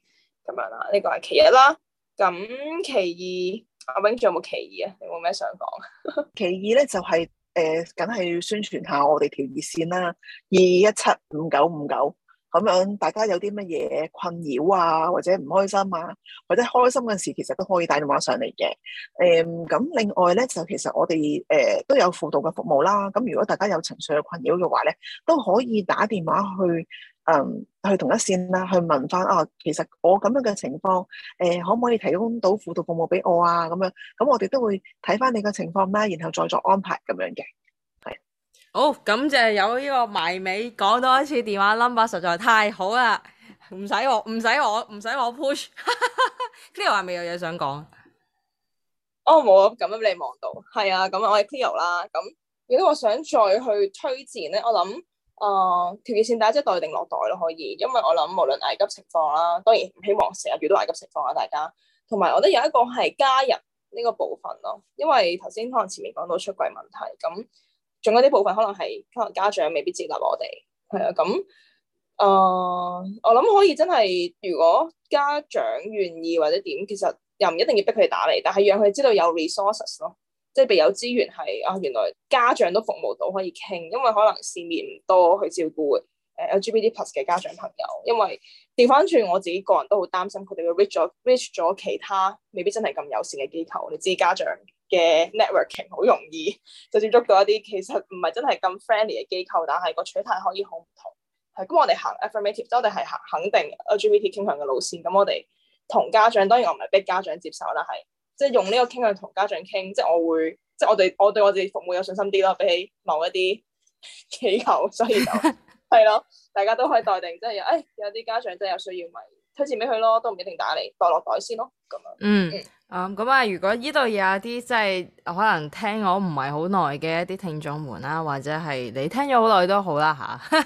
咁樣啦。呢個係其一啦，咁其二，阿 Wing 仲有冇其二啊？你有冇咩想講？ 其二咧就係、是、誒，梗、呃、係要宣傳下我哋條熱線啦，二二一七五九五九。咁樣大家有啲乜嘢困擾啊，或者唔開心啊，或者開心嘅事其實都可以打電話上嚟嘅。誒、嗯、咁另外咧就其實我哋誒、呃、都有輔導嘅服務啦。咁如果大家有情緒嘅困擾嘅話咧，都可以打電話去誒、嗯、去同一線啦，去問翻啊。其實我咁樣嘅情況誒、呃，可唔可以提供到輔導服務俾我啊？咁樣咁我哋都會睇翻你嘅情況啦，然後再作安排咁樣嘅。好，咁、哦、就有呢個埋尾講多一次電話 number 實在太好、哦啊、啦，唔使我唔使我唔使我 push。Cleo 係咪有嘢想講？哦，冇咁樣俾你望到，係啊，咁我係 Cleo 啦。咁，如果我想再去推薦咧，我諗誒，條、呃、件線大家即係待定落袋咯，可以，因為我諗無論危急情況啦，當然唔希望成日遇到危急情況啊，大家。同埋，我覺得有一個係家人呢個部分咯，因為頭先可能前面講到出櫃問題咁。仲有啲部分可能係可能家長未必接納我哋，係啊咁啊，我諗可以真係如果家長願意或者點，其實又唔一定要逼佢哋打嚟，但係讓佢知道有 resources 咯，即係備有資源，係啊，原來家長都服務到可以傾，因為可能市面唔多去照顧誒 LGBT plus 嘅家長朋友，因為調翻轉我自己個人都好擔心佢哋會 reach 咗 reach 咗其他未必真係咁友善嘅機構，你知家長。嘅 networking 好容易就接觸到一啲其實唔係真係咁 friendly 嘅機構，但係個取態可以好唔同。係咁，我哋行 affirmative，即我哋係行肯定 LGBT 傾向嘅路線，咁我哋同家長，當然我唔係逼家長接受啦，係，即係用呢個傾向同家長傾，即係我會，即係我,我對我對我哋服務有信心啲咯，比起某一啲機構，所以就係咯， 大家都可以待定。即係有，有啲家長真係有需要咪。推薦俾佢咯，都唔一定打你，代落袋先咯，咁樣嗯。嗯，啊咁啊，如果呢度有啲即係可能聽我唔係好耐嘅一啲聽眾們啦，或者係你聽咗好耐都好啦嚇。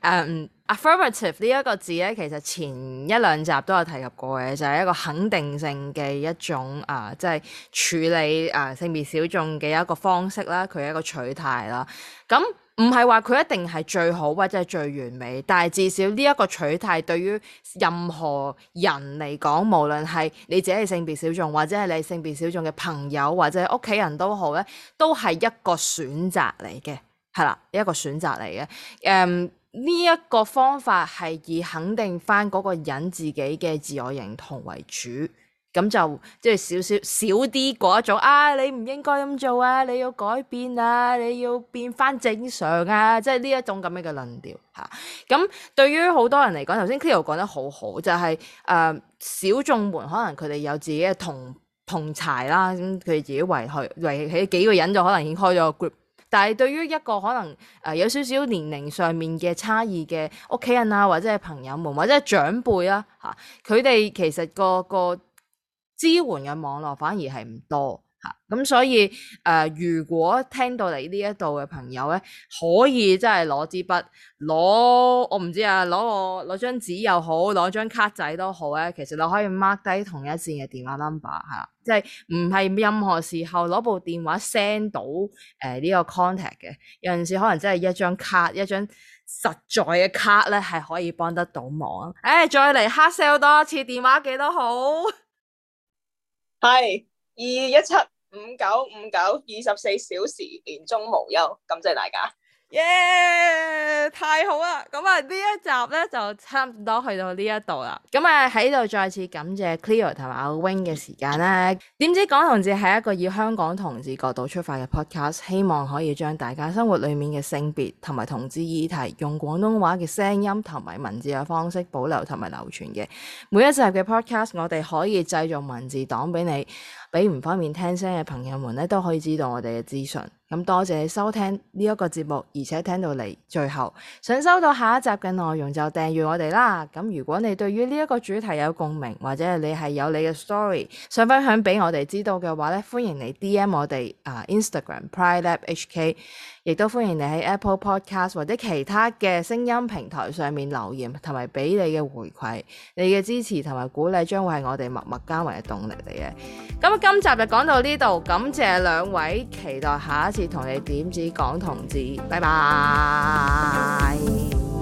誒、啊 um,，affirmative 呢一個字咧，其實前一兩集都有提及過嘅，就係、是、一個肯定性嘅一種啊，即、就、係、是、處理啊性別小眾嘅一個方式啦，佢係一個取態啦，咁、啊。嗯唔係話佢一定係最好或者係最完美，但係至少呢一個取態對於任何人嚟講，無論係你自己係性別小眾，或者係你性別小眾嘅朋友或者屋企人都好咧，都係一個選擇嚟嘅，係啦，一個選擇嚟嘅。誒，呢一個方法係以肯定翻嗰個人自己嘅自我認同為主。咁就即係少少少啲嗰一種啊！你唔應該咁做啊！你要改變啊！你要變翻正常啊！即係呢一種咁樣嘅論調吓。咁、啊、對於好多人嚟講，頭先 Cleo 講得好好，就係、是、誒、呃、小眾們可能佢哋有自己嘅同同柴啦，咁佢哋自己圍去圍起幾個人就可能已經開咗個 group。但係對於一個可能誒、呃、有少少年齡上面嘅差異嘅屋企人啊，或者係朋友們，或者係長輩啊吓，佢、啊、哋其實個個。支援嘅網絡反而係唔多嚇，咁所以誒、呃，如果聽到嚟呢一度嘅朋友咧，可以真係攞支筆，攞我唔知啊，攞我攞張紙又好，攞張卡仔都好咧，其實你可以 mark 低同一線嘅電話 number 係啦，即係唔係任何時候攞部電話 send 到誒呢、呃呢個 contact 嘅，有陣時可能真係一張卡，一張實在嘅卡咧係可以幫得到忙。誒、欸，再嚟黑 sell 多一次電話幾多好？係二一七五九五九，二十四小時，年終無休，感謝大家。耶！Yeah, 太好啦，咁啊呢一集咧就差唔多去到呢一度啦。咁啊喺度再次感謝 Cleo 同埋阿 Wing 嘅時間啦。點知港同志係一個以香港同志角度出發嘅 podcast，希望可以將大家生活裡面嘅性別同埋同志議題，用廣東話嘅聲音同埋文字嘅方式保留同埋流傳嘅。每一集嘅 podcast 我哋可以製造文字檔畀你。俾唔方便聽聲嘅朋友們咧，都可以知道我哋嘅資訊。咁多謝你收聽呢一個節目，而且聽到你最後，想收到下一集嘅內容就訂閱我哋啦。咁如果你對於呢一個主題有共鳴，或者你係有你嘅 story 想分享俾我哋知道嘅話咧，歡迎你 DM 我哋啊，Instagram Pride Lab HK。亦都歡迎你喺 Apple Podcast 或者其他嘅聲音平台上面留言，同埋俾你嘅回饋，你嘅支持同埋鼓勵將會係我哋默默耕耘嘅動力嚟嘅。咁 今集就講到呢度，感謝兩位，期待下一次同你點止講同志，拜拜。